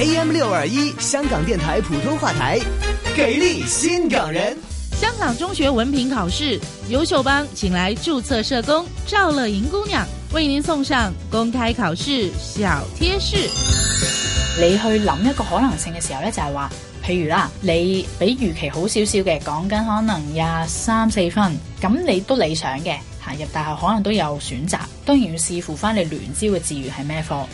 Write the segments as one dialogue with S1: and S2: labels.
S1: AM 六二一香港電台普通話台，給力新港人。香港中學
S2: 文憑考試優秀班，請來注冊社工趙樂瑩姑娘為您送上公開考試小貼士。你去諗一個可能性嘅時候咧，就係話，譬如啦，你比預期好少少嘅，講緊可能廿三四分，咁你都理想嘅，行入大學可能都有選擇。當然要視乎
S3: 翻，你聯招嘅志願係咩科。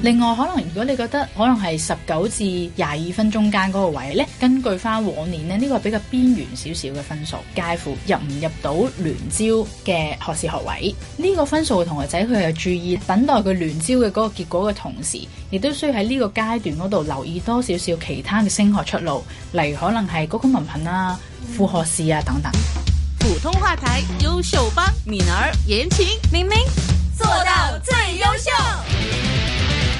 S3: 另外，可能如果你覺得可能係十九至廿二分中間嗰個位呢，根據翻往年呢，呢個比較邊緣少少嘅分數，介乎入唔入到聯招嘅學士學位呢個分數嘅同學仔，佢又注意等待佢聯招嘅嗰個結果嘅同時，亦都需要喺呢個階段嗰度留意多少少其他嘅升學出路，例如可能係高級文憑啦、啊、副學士啊等等。
S4: 普通話台優秀班敏兒言情明明做到
S5: 最優秀。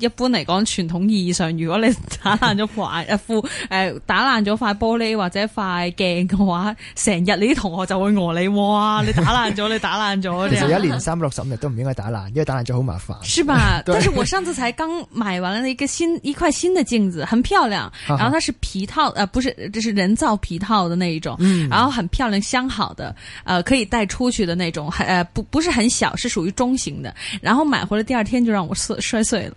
S3: 一般嚟講，傳統意義上，如果你打爛咗塊一副，誒、 啊、打爛咗塊玻璃或者塊鏡嘅話，成日你啲同學就會餓你，哇！你打爛咗，你打爛咗。
S6: 樣其實一年三百六十五日都唔應該打爛，因為打爛咗好麻煩。是
S3: 吧？ 對但是我上次才剛買完了一個新，一塊新的鏡子，很漂亮。然後它是皮套，誒、 呃，不是，就是人造皮套的那一種。嗯。然後很漂亮，相好的，呃可以帶出去的那種，很、呃，不，不是很小，是屬於中型的。然後買回來第二天就讓我摔摔碎了。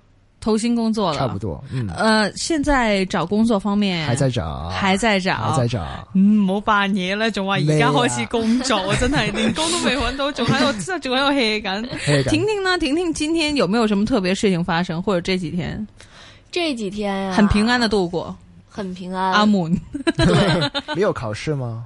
S3: 投薪工作了，差不多。嗯，呃，現在找工作方面還在找，還在找，還在找。嗯，冇辦法啦，仲話而家
S4: 開始工
S6: 作， 真的連工都未揾到，仲喺度，仲喺
S3: 度 hea 緊。婷婷感呢？婷婷今天有沒有什麼特別事情發生？或者這幾天？
S2: 這幾天、啊、很平安的度過，很平安。阿對
S6: 們你 有考試嗎？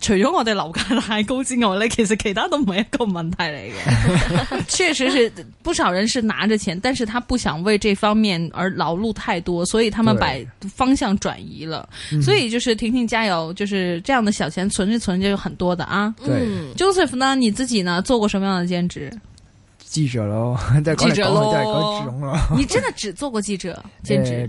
S3: 除咗我哋樓價太高之外呢，其實其他都唔係一個問題嚟嘅。 確實是不少人是拿着錢，但是他不想為這方面而勞碌太多，所以他們把方向轉移了。嗯、所以就是婷婷加油，就是這樣的小錢存一存，就很多的啊。對，Joseph 呢，你自己呢做過什麼樣的兼職？
S6: 記者咯，記者咯，你，者咯 你
S3: 真的只做過記者兼職？呃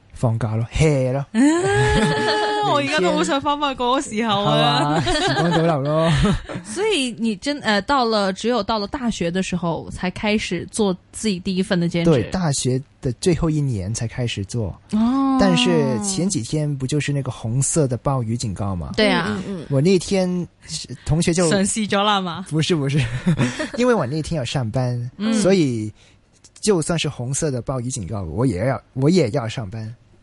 S6: 放假咯，hea 咯，我而家都好想翻返嗰個時候啊，
S3: 所以你真呃，到了，只有到了大學的時候，才開始做自己第一份的兼職。對，大
S6: 學的最後一年才開始做。哦，但是前幾天不就是那個紅色的暴雨警告嘛？對啊，我那天同學就嘗試咗啦嘛？不是，不是，不是，因為我那天要上班，嗯，所以就算是紅色的暴雨警告，我也要我也要上班。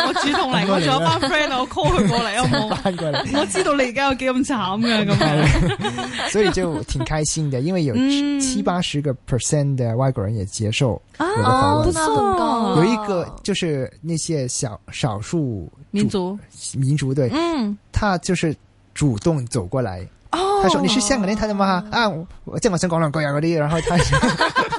S6: 我主動嚟，我仲有班 friend，我
S3: call 佢過嚟有冇？我知道你而家有幾咁慘㗎咁，
S6: 所以就挺開心嘅，因為有七八十個 percent 嘅外國人也接受我的
S3: 服務。有一個
S6: 就是那些小少數民族民族，對，嗯，他就是主動走過嚟哦，他說：你是香港人，他的嗎？啊，我正我想講兩句亞啲，然後他。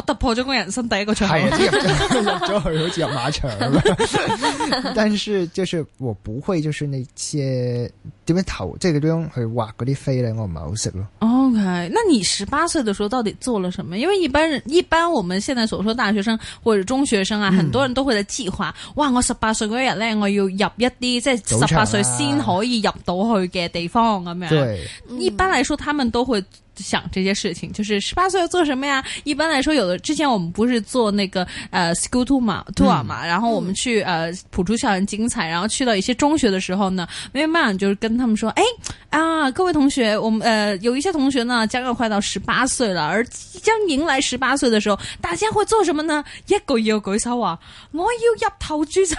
S3: 我突破咗個人生第一個場，
S6: 咗去好似入馬場咁樣。但係就係我唔會，就是那些點樣投，即係點樣去畫嗰啲飛咧，我唔係好識咯。
S3: OK，那你十八歲嘅時候到底做咗什麼？因為一般人一般我們現在所說大學生或者中學生啊，很多人都會嚟計劃，嗯、哇！我十八歲嗰一日咧，我要入一啲即係十八歲先可以入到去嘅地方咁樣。啊、是是對，一般嚟說，他們都會。想這些事情，就是十八歲要做什麼呀？一般來說，有的之前我們不是做那個呃 school tour 嗎？tour 嘛然後我們去、嗯、呃普珠校園，精彩，然後去到一些中學的時候呢，慢慢就是跟他們說，哎啊，各位同學，我們呃有一些同學呢將要快到十八歲了，而將迎來十八歲的時候，大家會做什麼呢？一個要舉手啊，我要入頭豬仔，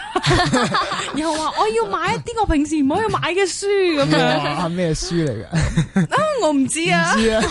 S3: 然後啊， 我要買一啲我平時唔可以買嘅書咁哇樣。
S6: 咩書嚟嘅？
S3: 嗯、不啊，我唔知啊。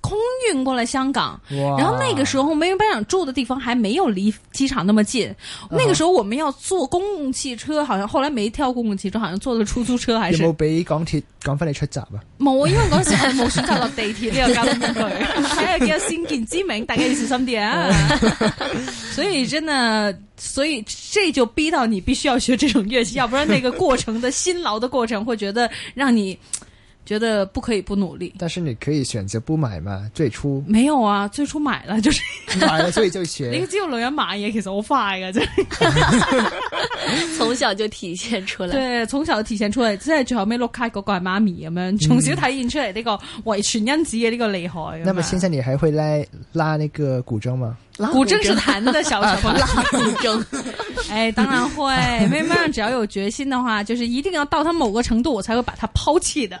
S3: 空運過來香港，哇然後那個時候，我們班長住的地方還沒有離機場那麼近。哦、那個時候，我們要坐公共汽車，好像後來沒挑公共汽車，好像坐了出租車。還是有冇
S6: 俾港鐵趕返嚟出閘啊？
S3: 冇，因為嗰時係冇選擇到地鐵呢個交通工具。喺度叫先見之明，大概意思係點啊？ 所以真的，所以這就逼到你必須要學這種樂器， 要不然那個過程的辛勞的過程，會覺得讓你。覺得不可以不努力，
S6: 但是你可以選擇不買嘛。最初
S3: 沒有啊，最初買了就是買了，所以就學那 個肌肉來源碼也其實好快啊， 從小就體現出來，對，從小體現出來，真係、嗯、最後沒落開嗰個係媽咪咁樣，從小體現出嚟呢個遺傳因子嘅呢個厲害。那麼現在
S6: 你還會拉拉那個古箏嗎？
S3: 古箏是彈的，小時候拉古箏。哎，當然會，妹妹 只要有決心的話，就是一定要到他某個程度，我才會把他拋棄的。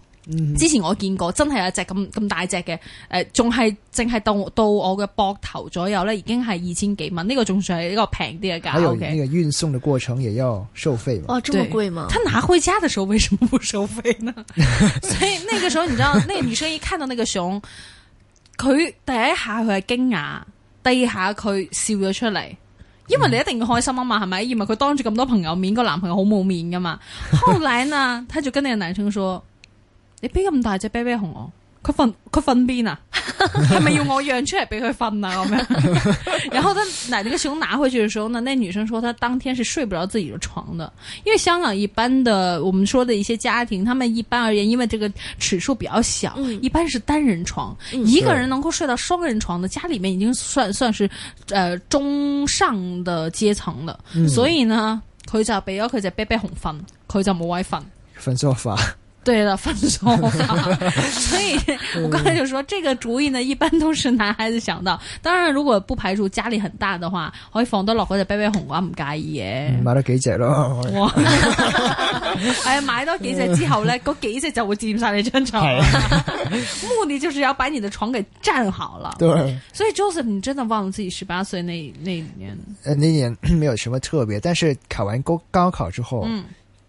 S3: 之前我見過真係有一隻咁咁大隻嘅，誒、呃，仲係淨係到到我嘅膊頭左右咧，已經係二千幾蚊。呢、這個仲算係一個平啲嘅價。還
S6: 有那個運送嘅過程也要收費嘛？哦，這麼貴嘛？他
S3: 拿回家嘅時候為什麼不收費呢？ 所以那個時候 你知道，那個女生一看到那個相，佢第一下佢係驚訝，第二下佢笑咗出嚟，因為你一定要開心啊嘛，係咪、嗯？因為佢當住咁多朋友面，個男朋友好冇面噶嘛。後來呢，他就跟呢個男生說。.你俾咁大隻啤啤熊我，佢瞓佢瞓邊啊？係咪要我讓出嚟俾佢瞓啊？咁樣，呢 然後佢奶，呢個熊拿回去嘅時候呢，那女生說，她當天是睡不着自己的床的，因為香港一般的，我們說的一些家庭，他們一般而言，因為這個尺數比較小，嗯、一般是單人床，嗯、一個人能夠睡到雙人床的家裏面已經算算是，誒、呃、中上的階層了，嗯、所以呢，佢就俾咗佢隻啤啤熊瞓，佢就冇位瞓，瞓
S6: 咗個沙發。
S3: 對的，放鬆，啊。 所以我剛才就說， 嗯、這個主意呢，一般都是男孩子想到。當然，如果不排除家裏很大的話，可以放得落嗰隻 baby 熊嘅話，唔介意
S6: 嘅。買多幾隻咯。
S3: 哇、 哎！係啊，買多幾隻之後咧，嗰幾隻就會佔晒你張床。 目的就是要把你的床給佔好了。對。所以，Joseph，你真的忘了自己十八歲那那一年？
S6: 呃那年沒有什麼特別，但是考完高高考之後，嗯。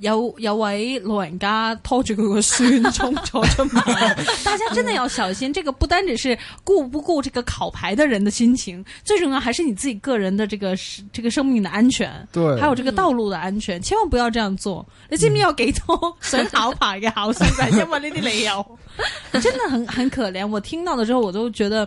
S3: 有有位老人家拖住佢個孫衝咗出嚟，大家真的要小心。這個不單只是顧不顧這個考牌的人的心情，最重要還是你自己個人的這個這個生命的安全，對，還有這個道路的安全，嗯、千萬不要這樣做。你知唔知、嗯、有幾多想考牌嘅考生就係因為呢啲理由，真的很很可憐。我聽到的時候我都覺得。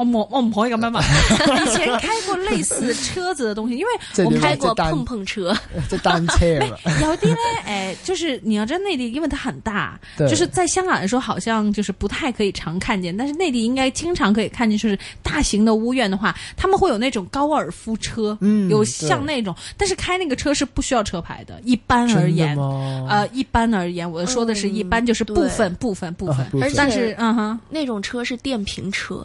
S3: 我我我唔可以咁樣嘛？以前開過類似車子的東西，因為我開過碰碰車，即單車有啲呢，誒沒、 哎，就是你要知道內地，因為它很大，對就是在香港來說，好像就是不太可以常看見。但是內地應該經常可以看見，就是大型的屋苑的話，他們會有那種高爾夫車，嗯，有像那種，對但是開那個車是不需要車牌的。一般而言，呃，一般而言，我說的是一般，就是部分部分部分，嗯、但是而是且嗯哼，那種車是電瓶車。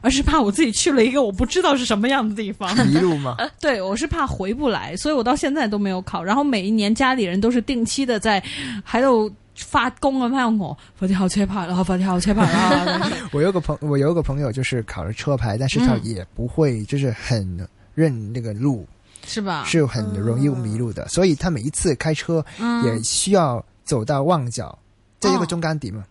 S3: 而是怕我自己去了一個我不知道是什麼樣的地方迷路嗎、呃？對，我是怕回不來，所以我到現在都沒有考。然後每一年家裏人都是定期的在還有發工啊，喺度我發啲考車牌後發啲考車牌啦。
S6: 我， 我有個朋友，我有一個朋友就是考了車牌，但是他也不會就是很認那個路，
S3: 是吧、嗯？是很容易
S6: 迷路的，嗯、所以他每一次開車也需要走到旺角，這、嗯、一個中乾底嘛。哦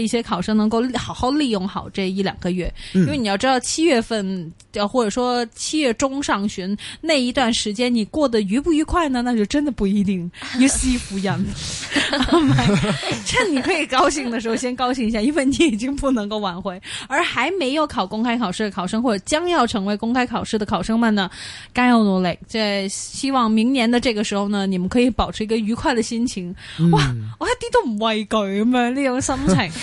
S3: 一些考生能夠好好利用好這一兩個月，因為你要知道，七月份，嗯、或者說七月中上旬那一段時間，你過得愉不愉快呢？那就真的不一定。於是乎，趁你可以高興的時候先高興一下，因為你已經不能夠挽回。而還沒有考公開考試的考生或者將要成為公開考試的考生們呢，該要努力，即係希望明年的這個時候呢，你們可以保持一個愉快的心情。嗯、哇，我一啲都唔畏懼咁樣呢種心情。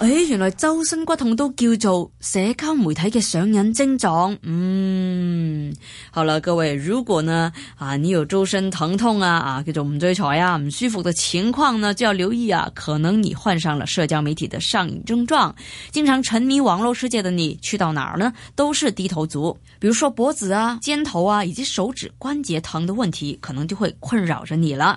S4: 誒，原來周身骨痛都叫做社交媒體嘅上癮症狀。嗯，好喇，各位，如果呢、啊，你有周身疼痛啊，啊，叫做唔追財啊、啊，唔舒服的情況呢，就要留意啊，可能你患上了社交媒體的上癮症狀。經常沉迷網絡世界的你，去到哪兒呢？都是低頭族，比如說脖子啊、肩頭啊以及手指關節疼的問題，可能就會困擾着你
S7: 了。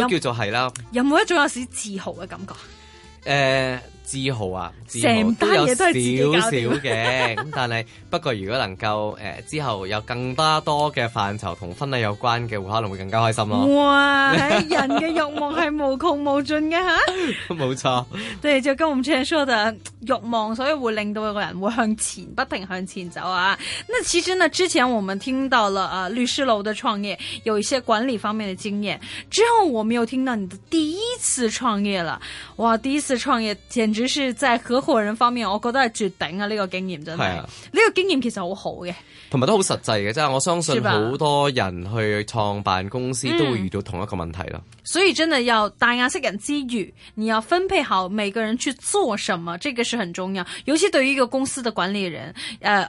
S8: 都叫做係啦，
S3: 有冇一種有少自豪嘅感覺？
S8: 誒、呃。自豪啊！成單嘢都係少少嘅，咁， 但係不過，如果能夠誒、呃、之後有更加多嘅範疇同婚禮有關嘅，會可能會更加開心咯。哇！
S3: 人嘅欲望係無窮無盡嘅吓，
S8: 冇錯。
S3: 對，就跟我們之前說嘅欲望，所以會令到一個人會向前不停向前走啊。那其實呢之前我們聽到了啊律師樓的創業，有一些管理方面的經驗，之後我們又聽到你的第一次創業了。哇！第一次創業，簡只係在合伙人方面，我覺得係絕頂嘅、啊、呢、這個經驗，真係呢、啊、個經驗其實很好好嘅，
S8: 同埋都好實際嘅，即係我相信好多人去創辦公司都會遇到同一個問題啦、
S3: 嗯。所以真的要大壓識人之餘，你要分配好每個人去做什麼，這個是很重要，尤其對於一個公司的管理人，誒、呃。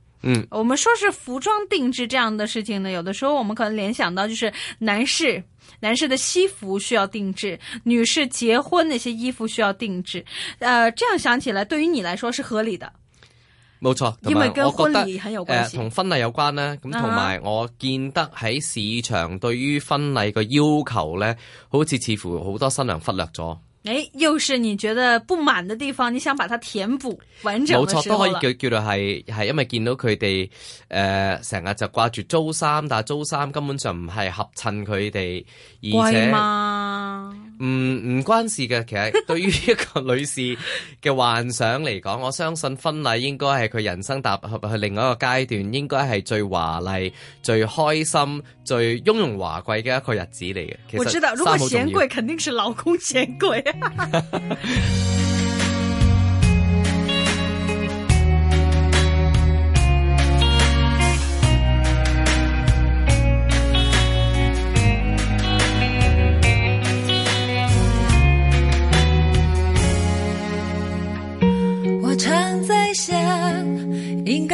S3: 嗯，我們說是服裝定製這樣的事情呢，有的時候我們可能聯想到就是男士男士的西服需要定製，女士結婚那些衣服需要定製，呃，這樣想起來對於你來說是合理的，
S8: 沒錯，因為跟婚禮很有關係，同、呃、婚禮有關呢。咁同埋我見得喺市場對於婚禮個要求呢，好似似乎好多新娘忽略咗。
S3: 誒、哎，又是你覺得不滿的地方，你想把它填補完整。冇錯，都可以叫
S8: 叫做係係，因為見到佢哋誒成日就掛住租衫，但係租衫根本就唔係合襯佢哋，而且嘛。唔唔、嗯、關事嘅。其實對於一個女士嘅幻想嚟講， 我相信婚禮應該係佢人生踏入去另外一個階段，應該係最華麗、最開心、最雍容華貴嘅一個日子嚟嘅。我知道，如果嫌貴，
S3: 肯定是老公嫌貴啊。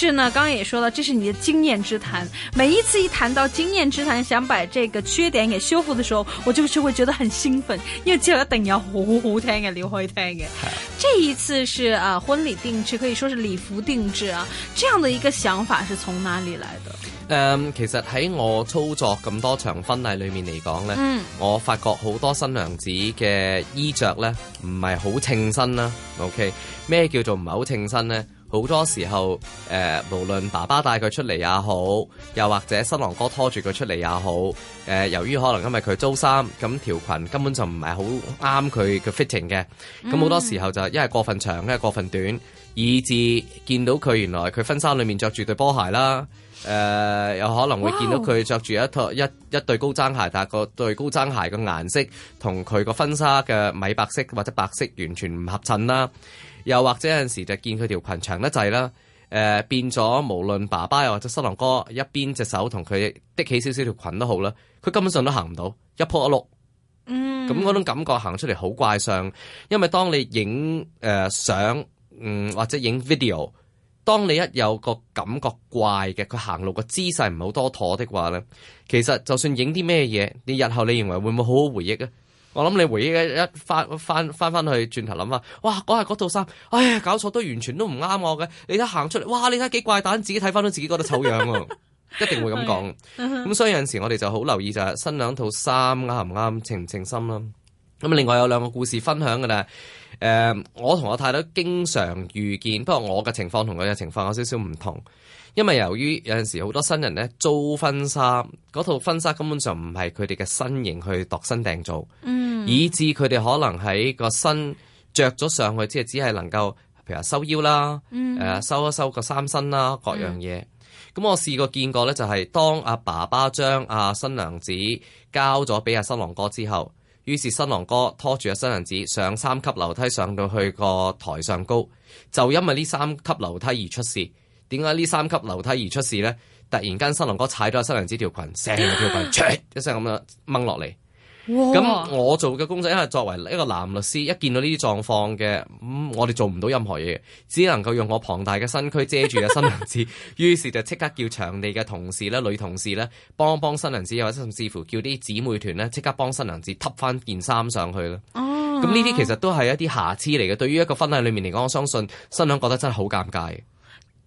S3: 是呢，剛剛也說了，這是你的經驗之談。每一次一談到經驗之談，想把這個缺點給修復的時候，我就是會覺得很興奮，因為之後一定要好好聽嘅，聊開聽嘅。是這一次是啊，婚禮定製可以說是禮服定制啊，這樣的一個想法是從哪裏
S5: 來的？嗯
S8: ，um, 其實喺我操作咁多場婚禮裏面嚟講呢，嗯，我發覺好多新娘子嘅衣着呢，唔係好稱身啦，啊。OK，咩叫做唔係好稱身呢？好多時候，誒、呃、無論爸爸帶佢出嚟也好，又或者新郎哥拖住佢出嚟也好，誒、呃、由於可能因為佢租衫，咁條裙根本就唔係好啱佢嘅 fitting 嘅，
S9: 咁好多時
S8: 候就一係過分長，一係過分短，以至見到佢原來佢婚紗裏面着住對波鞋啦，誒、呃、有可能會見到佢着住一套一一對高踭鞋，Wow! 但係個對高踭鞋嘅顏色同佢個婚紗嘅米白色或者白色完全唔合襯啦。又或者有陣時就見佢條裙長得滯啦，誒、呃、變咗無論爸爸又或者新郎哥一邊隻手同佢拎起少少條裙都好啦，佢根本上都行唔到，一扑一碌，嗯，
S7: 咁嗰種
S8: 感覺行出嚟好怪相，因為當你影誒相，嗯或者影 video，當你一有個感覺怪嘅，佢行路個姿勢唔係好多妥的的話咧，其實就算影啲咩嘢，你日後你認為會唔會好好回憶咧？我諗你回憶一,一翻翻翻翻去，轉頭諗下，哇！嗰下嗰套衫，哎呀，搞錯都完全都唔啱我嘅。你睇行出嚟，哇！你睇幾怪誕，自己睇翻到自己覺得醜樣， 一定會咁講。咁 所以有陣時我哋就好留意就係新兩套衫啱唔啱，稱唔稱心啦。咁另外有兩個故事分享㗎啦。誒、呃，我同我太太經常遇見，不過我嘅情況同佢嘅情況有少少唔同。因為由於有陣時好多新人咧租婚紗，嗰套婚紗根本就唔係佢哋嘅身形去度身訂做，嗯、以致佢哋可能喺個身着咗上去，即係只係能夠，譬如話收腰啦，嗯、收一收個衫身啦，各樣嘢。咁、嗯、我試過見過咧，就係當阿爸爸將阿新娘子交咗俾阿新郎哥之後，於是新郎哥拖住阿新娘子上三級樓梯，上到去個台上高，就因為呢三級樓梯而出事。點解呢三級樓梯而出事呢？突然間新郎哥踩咗新娘子條裙，成條裙，一聲咁樣掹落嚟。咁我做嘅工作，因為作為一個男律師，一見到呢啲狀況嘅，我哋做唔到任何嘢，只能夠用我龐大嘅身軀遮住嘅新娘子。於 是就即刻叫場地嘅同事咧、女同事咧，幫幫新娘子，又或者甚至乎叫啲姊妹團咧，即刻幫新娘子扱翻件衫上去啦。
S7: 咁呢啲其
S8: 實都係一啲瑕疵嚟嘅。對於一個婚禮裏面嚟講，我相信新娘覺得真係好尷尬。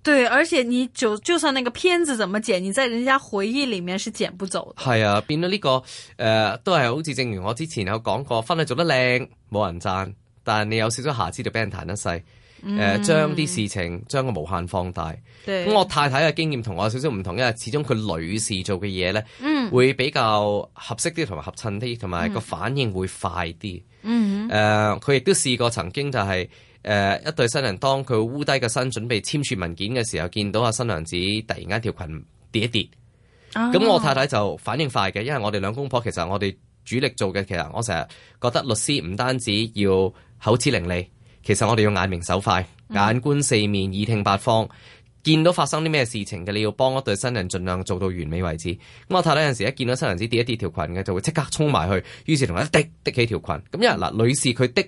S3: 對，而且你就就算那個片子怎麼剪，你在人家回憶裏面是剪不走的。
S8: 係啊，變到呢、這個誒、呃，都係好似正如我之前有講過，婚禮做得靚，冇人讚，但係你有少少瑕疵就俾人彈得細。
S7: 誒、嗯，將啲、呃、
S8: 事情將個無限放大。
S7: 咁對我
S8: 太太嘅經驗同我有少少唔同，因為始終佢女士做嘅嘢咧，嗯、會比較合適啲，同埋合襯啲，同埋個反應會快啲。嗯，誒、呃，佢亦都試過曾經就係、是。誒，uh, 一對新人當佢烏低個身，準備簽署文件嘅時候，見到阿新娘子突然間條裙跌一跌，
S7: 咁、oh, yeah. 我太太
S8: 就反應快嘅，因為我哋兩公婆其實我哋主力做嘅，其實我成日覺得律師唔單止要口齒伶俐，其實我哋要眼明手快，眼觀四面，耳聽八方，mm. 見到發生啲咩事情嘅，你要幫一對新人盡量做到完美為止。咁我太太有陣時一見到新娘子跌一跌條裙嘅，就會即刻衝埋去，於是同佢一滴滴起條裙，咁因為嗱、呃、女士佢滴。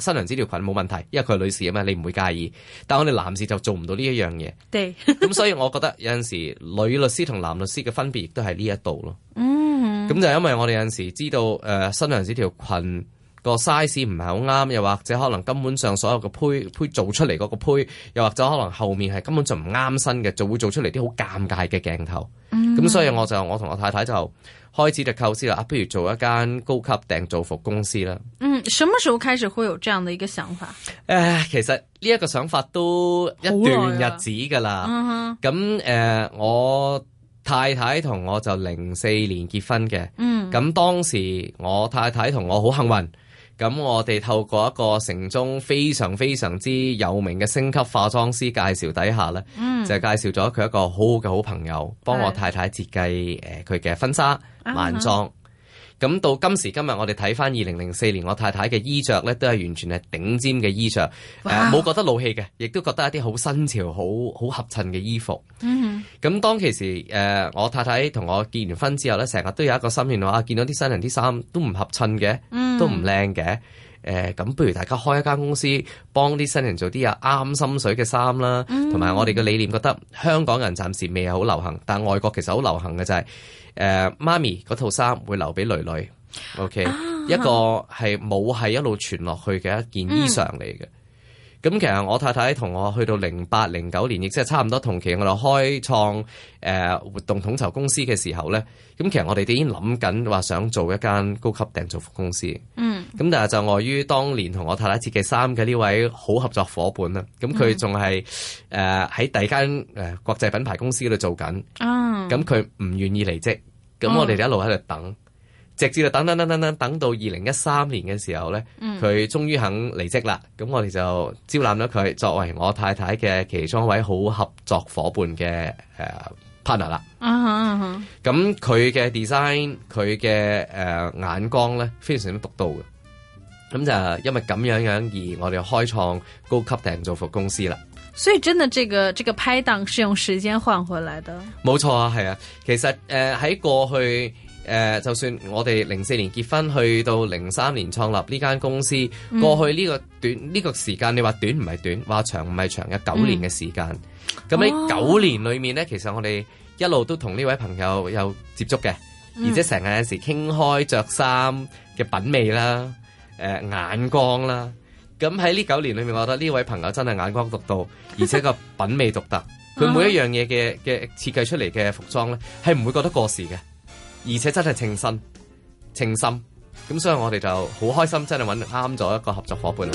S8: 新娘子條裙冇問題，因為佢係女士啊嘛，你唔會介意。但係我哋男士就做唔到呢一樣嘢。對，咁 所以我覺得有陣時女律師同男律師嘅分別亦都係呢一度咯。嗯
S7: 哼，咁
S8: 就係因為我哋有陣時知道誒、呃，新娘子條裙個 size 唔係好啱，又或者可能根本上所有個胚胚做出嚟嗰個胚，又或者可能後面係根本就唔啱身嘅，就會做出嚟啲好尷尬嘅鏡頭。咁、嗯、哼所以我就我同我太太就。開始就構思啦，啊，不如做一間高級訂造服公司啦。
S3: 嗯，什麼時候開始會有這樣的一個想法？
S8: 誒、呃，其實呢一個想法都一段日子噶啦。咁誒、uh huh. 呃，我太太同我就零四年結婚嘅。嗯。咁當時我太太同我好幸運，咁我哋透過一個城中非常非常之有名嘅星級化妝師介紹底下呢嗯，就介紹咗佢一個好好嘅好朋友，幫我太太設計誒佢嘅婚紗。晚裝，咁到今時今日我，我哋睇翻二零零四年我太太嘅衣着咧，都係完全係頂尖嘅衣着，冇 Wow 覺得老氣嘅，亦都覺得一啲好新潮、好好合襯嘅衣服。咁、mm hmm. 當其時，誒我太太同我結完婚之後咧，成日都有一個心願話，見到啲新人啲衫都唔合襯嘅，mm hmm. 都唔靚嘅。誒、呃，咁不如大家開一間公司，幫啲新人做啲呀啱心水嘅衫啦。同埋、mm hmm. 我哋嘅理念，覺得香港人暫時未係好流行，但外國其實好流行嘅就係、是。誒、uh, 媽咪嗰套衫會留俾女女，OK、uh huh. 一個係冇係一路傳落去嘅一件衣裳嚟嘅。咁其實我太太同我去到零八零九年，亦即係差唔多同期，我哋開創誒活動統籌公司嘅時候咧。咁其實我哋已經諗緊話想做一間高級訂造服公司。嗯。咁但係就礙於當年同我太太設計衫嘅呢位好合作伙伴啦。咁佢仲係誒喺第二間誒國際品牌公司嗰度做緊。咁佢唔願意離職，咁我哋就一路喺度等。嗯嗯直至到等等等等等，等到二零一三年嘅時候咧，佢終於肯離職啦。咁、嗯、我哋就招攬咗佢作為我太太嘅其中一位好合作伙伴嘅誒、呃、partner 啦。
S7: 啊、
S8: uh，咁佢嘅 design，佢嘅誒眼光咧非常之獨到嘅。咁就因為咁樣樣而我哋開創高級訂造服公司啦。
S3: 所以，真係、這個，呢個這個拍檔係用時間換回來嘅。
S8: 冇錯啊，係啊，其實誒喺、呃、過去。誒、呃，就算我哋零四年結婚，去到零三年創立呢間公司，嗯、過去呢個短呢、呢個時間，你話短唔係短，話長唔係長，有九年嘅時間。咁喺九年裏面呢，哦、其實我哋一路都同呢位朋友有接觸嘅，嗯、而且成日有時傾開着衫嘅品味啦、呃，眼光啦。咁喺呢九年裏面，我覺得呢位朋友真係眼光獨到，哈哈，而且個品味獨特。佢、嗯、每一樣嘢嘅嘅設計出嚟嘅服裝呢，係唔會覺得過時嘅。而且真係稱心稱心，咁所以我哋就好開心，真係揾啱咗一個合作伙伴啦。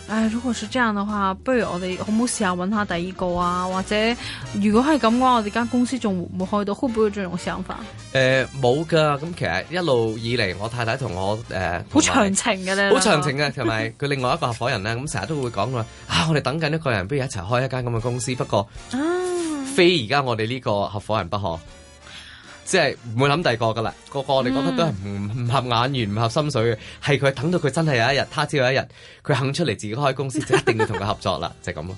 S3: 唉、哎，如果是這樣的話，不如我哋好唔好試下搵下第二個啊？或者如果係咁嘅話，我哋間公司仲唔開到？會唔會有這種想法？
S8: 誒、呃，冇㗎，咁其實一路以嚟，我太太同我誒，好、呃、長
S3: 情嘅咧，好、呃、長
S8: 情嘅，同埋佢另外一個合伙人咧，咁成日都會講話，啊，我哋等緊一個人，不如一齊開一間咁嘅公司。不過，
S7: 啊、非
S8: 而家我哋呢個合伙人不可。即係唔會諗第二個噶啦，個個我哋覺得都係唔唔合眼緣、唔合心水嘅，係佢等到佢真係有一日，他知道有一日，佢肯出嚟自己開公司，就一定要同佢合作啦， 就係咁咯。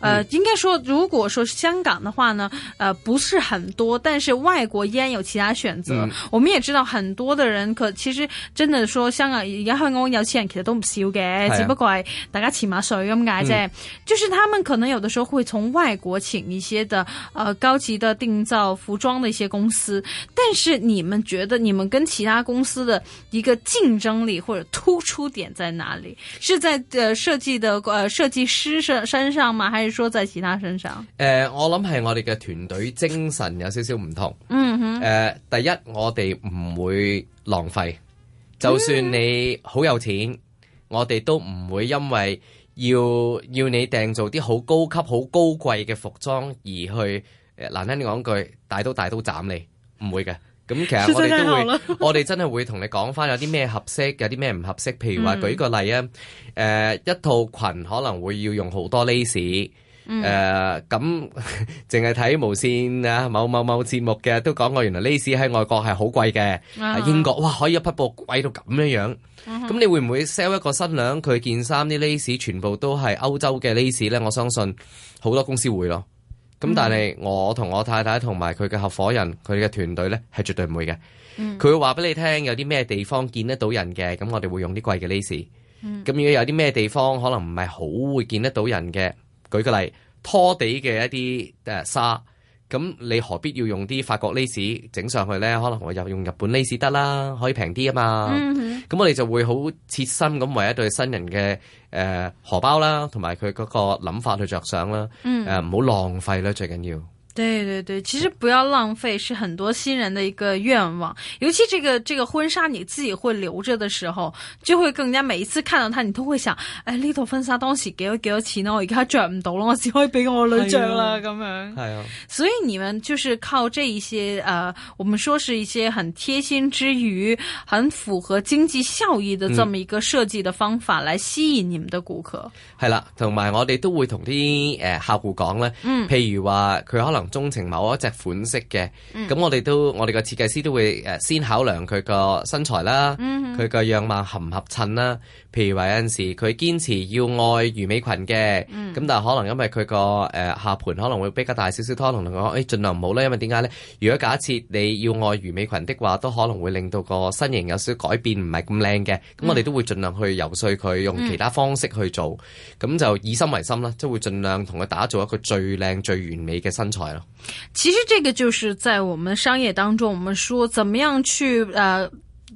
S3: 呃，應該說，如果說香港的話呢，呃，不是很多，但是外國依然有其他選擇。嗯、我們也知道很多的人可，可其實真的說，香港，而家香港有錢人其實都唔少嘅，只不過係、啊、大家起碼水咁解啫。嗯、就是他們可能有的時候會從外國請一些的，呃，高級的定造服裝的一些公司。但是你們覺得，你們跟其他公司的一個競爭力或者突出點在哪裏？是在呃設計的呃設計師身身上嗎？還是？說在其他身上，
S8: 誒、呃，我諗係我哋嘅團隊精神有少少唔同。嗯哼，誒、呃，第一我哋唔會浪費，就算你好有錢， 我哋都唔會因為要要你訂做啲好高級、好高貴嘅服裝而去，難聽啲講句，大刀大刀斬你，唔會嘅。咁其實我哋都會，正好 我哋真係會同你講翻有啲咩合適，有啲咩唔合適。譬如話舉個例啊，誒、嗯呃，一套裙可能會要用好多 lace，誒、嗯，咁淨係睇無綫啊某某某節目嘅都講過，原來 lace 喺外國係好貴嘅，啊、英國哇可以一匹布貴到咁樣樣。咁你會唔會 sell 一個新娘佢件衫啲 lace 全部都係歐洲嘅 lace 咧？我相信好多公司會咯。咁、嗯、但係我同我太太同埋佢嘅合伙人、佢嘅團隊咧係絕對唔會嘅，佢、嗯、會話俾你聽有啲咩地方見得到人嘅，咁我哋會用啲貴嘅 l a c，咁如果有啲咩地方可能唔係好會見得到人嘅，舉個例，拖地嘅一啲誒沙。咁你何必要用啲法國 lace 整上去咧？可能我又用日本 lace 得啦，可以平啲啊嘛。咁、mm hmm. 我哋就會好切身咁為一對新人嘅誒、呃、荷包啦，同埋佢嗰個諗法去着想啦。唔好、mm hmm. 呃、浪費啦，最緊要。
S3: 對對對，其實不要浪費是很多新人的一個願望，尤其這個這個婚紗你自己會留着的時候，就會更加每一次看到它，你都會想，哎，呢套婚紗當時幾多幾多錢呢？我而家着唔到咯，我只可以俾我女着啦
S5: 咁樣、啊。係啊，
S3: 所以你們就是靠這一些呃，我們說是一些很貼心之餘，很符合經濟效益的這麼一個設計的方法來吸引你們的顧客。
S8: 係啦、嗯，同埋我哋都會同啲呃客戶講呢，嗯，譬如話佢可能。同鍾情某一隻款式嘅，咁我哋都我哋嘅設計師都會誒，先考量佢個身材啦，佢個樣貌合唔合襯啦。譬如話有陣時佢堅持要愛魚尾裙嘅，咁、嗯、但係可能因為佢個誒下盤可能會比較大少少，拖同同佢講誒盡量唔好啦。因為點解咧？如果假設你要愛魚尾裙的話，都可能會令到個身形有少少改變，唔係咁靚嘅。咁我哋都會盡量去遊說佢、嗯、用其他方式去做，咁、嗯、就以心為心啦，即係會盡量同佢打造一個最靚、最完美嘅身材咯。
S3: 其實這個就是在我們商業當中，我們說怎麼樣去誒。Uh,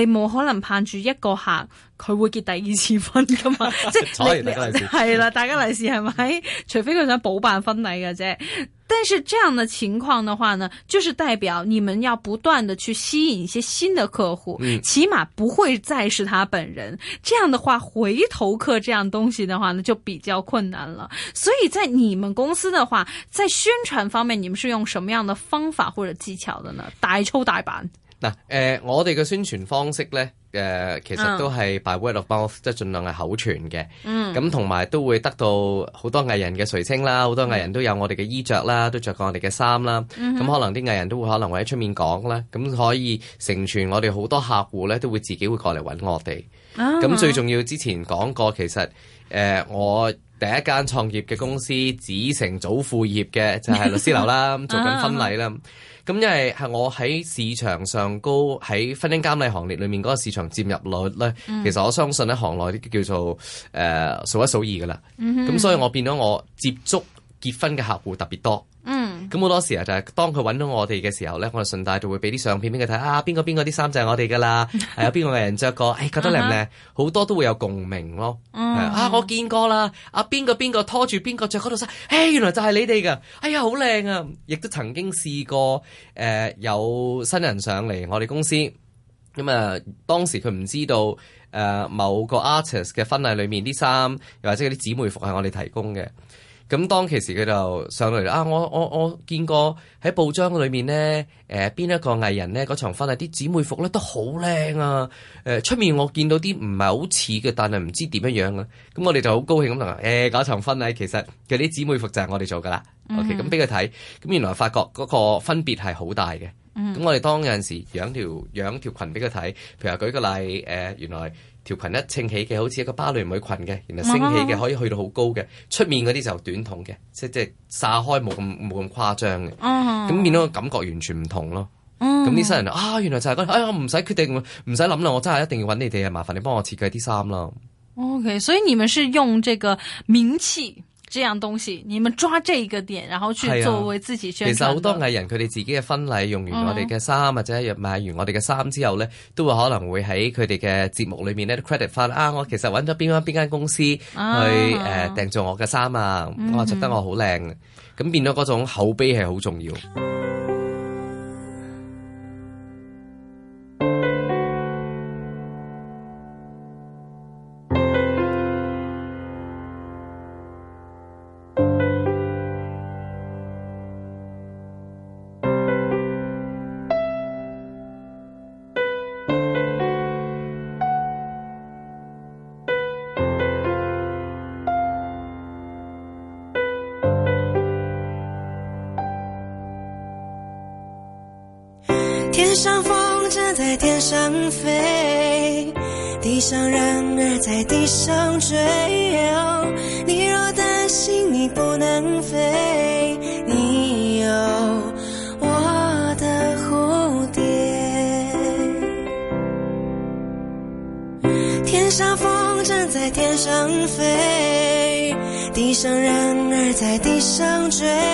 S3: 你冇可能盼住一個客佢會結第二
S10: 次婚噶嘛？即係
S3: 係啦，大家嚟試係咪？除非佢想補辦婚禮噶啫。但是這樣的情況的話呢，就是代表你們要不斷的去吸引一些新的客戶，起碼不會再是他本人。 這樣的話，回頭客這樣東西的話呢，就比較困難了。所以在你們公司的話，在宣傳方面，你們是用什麼樣的方法或者技巧的呢？大抽大板。
S8: 嗱、呃，我哋嘅宣傳方式咧，誒、呃，其實都係 by word of mouth，即係儘量係口傳嘅，咁同埋都會得到好多藝人嘅垂青啦，好多藝人都有我哋嘅衣着啦，嗯、都着過我哋嘅衫啦，咁、嗯、哼可能啲藝人都會可能會喺出面講啦，咁可以成全我哋好多客戶咧，都會自己會過嚟搵我哋，
S7: 咁、啊、最重
S8: 要之前講過，其實誒、呃，我第一間創業嘅公司子成祖副業嘅就係、是、律師樓啦， 啊、做緊婚禮啦。啊啊啊咁因為係我喺市場上高喺婚姻監禮行列裏面嗰個市場佔有率咧，mm hmm. 其實我相信咧行內啲叫做誒、呃、數一數二噶啦。咁、mm hmm. 所以我變咗我接觸結婚嘅客戶特別多。咁好多時就係當佢揾到我哋嘅時候咧，我就順帶就會俾啲相片俾佢睇啊，邊個邊個啲衫就係我哋噶啦，啊 有邊個人着過，誒、哎、覺得靚唔靚？好、uh huh. 多都會有共鳴咯。Uh huh. 啊，我見過啦，啊邊個邊個拖住邊個着嗰套衫，誒、哎、原來就係你哋噶，哎呀好靚啊！亦都曾經試過，誒、呃、有新人上嚟我哋公司，咁、嗯、啊、呃、當時佢唔知道誒、呃、某個 artist 嘅婚禮裏面啲衫，又或者啲姊妹服係我哋提供嘅。咁當其時佢就上嚟啊！我我我見過喺報章裏面咧，誒、呃、邊一個藝人咧嗰場婚禮啲姊妹服咧都好靚啊！誒、呃、出面我見到啲唔係好似嘅，但係唔知點樣樣啊！咁我哋就好高興咁同佢誒搞場婚禮，其實其啲姊妹服就係我哋做㗎啦。Mm hmm. OK，咁俾佢睇，咁原來發覺嗰個分別係好大嘅。咁我哋當有陣時，養條養條裙俾佢睇，譬如話舉個例、呃、原來。條裙一撐起嘅，好似一個芭蕾舞裙嘅，然後升起嘅，可以去到好高嘅。出面嗰啲就短筒嘅，即即炸開冇咁冇咁誇張嘅。咁、嗯、變到個感覺完全唔同咯。
S7: 咁啲新
S8: 人啊，原來就係、是、嗰，哎呀，唔使決定，唔使諗啦，我真係一定要揾你哋啊，麻煩你幫我設計啲衫啦。
S3: OK，所以你們是用這個名氣，這樣東西，你們抓這個點，然後去作為自己宣傳、啊。其實好多
S8: 藝人佢哋自己嘅婚禮用完我哋嘅衫，嗯、或者買完我哋嘅衫之後呢，都會可能會喺佢哋嘅節目裏面呢 credit 返啊！我其實揾咗邊間邊間公司去誒訂、啊呃、做我嘅衫啊，嗯、哼我覺得我好靚，咁變咗嗰種口碑係好重要。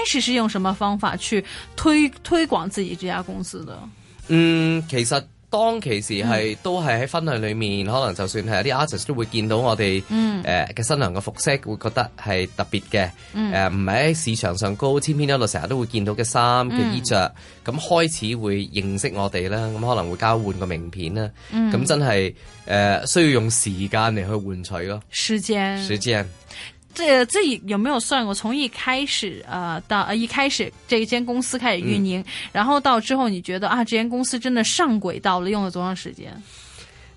S3: 開始是用什麼方法，去推推廣自己這家公司的？
S8: 嗯，其實當其時係都係喺分享裏面，嗯、可能就算係啲 artist 都會見到我哋誒嘅新娘嘅服飾，會覺得係特別嘅。誒、嗯，唔係喺市場上高千篇一律成日都會見到嘅衫嘅衣着，咁、嗯嗯、開始會認識我哋啦。咁可能會交換個名片啦。咁、嗯、真係誒、呃，需要用時間嚟去換取咯。時間，時間。
S3: 即係即係有沒有算過？從一開始，啊到啊一開始，這間公司開始運營，嗯、然後到之後，你覺得啊，這間公司真的上軌道了，用了多長時間？
S8: 誒、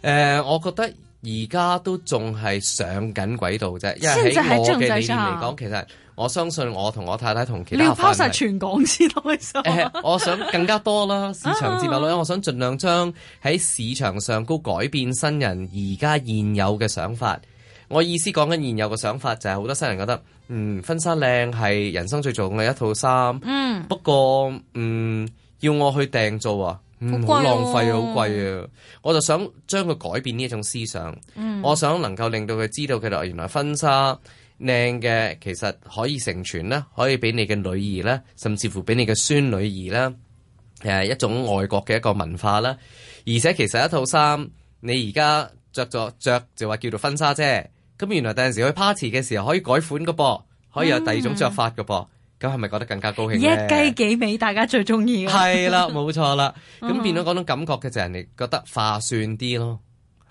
S8: 呃，我覺得而家都仲係上緊軌道啫，因為喺我嘅理念嚟講，其實我相信我同我太太同其他連拋晒全
S4: 港市都係想，我
S8: 想更加多啦，市場知名度， 我想盡量將喺市場上高改變新人而家現有嘅想法。我意思講緊現有個想法就係、是、好多新人覺得，嗯，婚紗靚係人生最重要一套衫。嗯。不過，嗯，要我去訂做、嗯、啊，好浪費，好貴啊。我就想將佢改變呢一種思想。嗯。我想能夠令到佢知道佢原來婚紗靚嘅，其實可以成全啦，可以俾你嘅女兒啦，甚至乎俾你嘅孫女兒啦，誒，一種外國嘅一個文化啦。而且其實一套衫，你而家着咗着就話叫做婚紗啫。咁原來第陣時去 party 嘅時候可以改款嘅噃，可以有第二種着法嘅噃，咁係咪覺得更加高興？一雞
S3: 幾味，大家最中意嘅係啦，冇
S8: 錯啦，咁 變咗嗰種感覺嘅就係人哋覺得化算啲咯。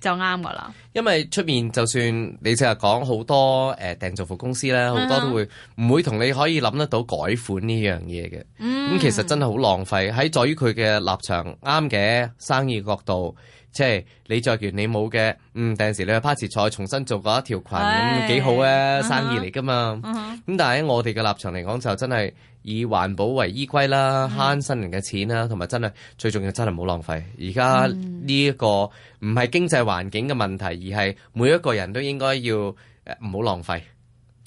S3: 就啱㗎喇，
S8: 因為出面就算你成日講好多誒、呃、訂造服公司咧，好多都會唔會同你可以諗得到改款呢樣嘢嘅，咁、嗯、其實真係好浪費喺在，在於佢嘅立場啱嘅生意角度。即係你着完你冇嘅，嗯，定時你去 patch 再重新做過一條裙，咁幾是好啊、uh huh, 生意嚟噶嘛。咁、uh huh, 但係喺我哋嘅立場嚟講，就真係以環保為依歸啦，慳新人嘅錢啦，同埋、uh huh. 真係最重要，真要，真係唔好浪費。而家呢一個唔係經濟環境嘅問題，而係每一個人都應該要誒唔好浪費。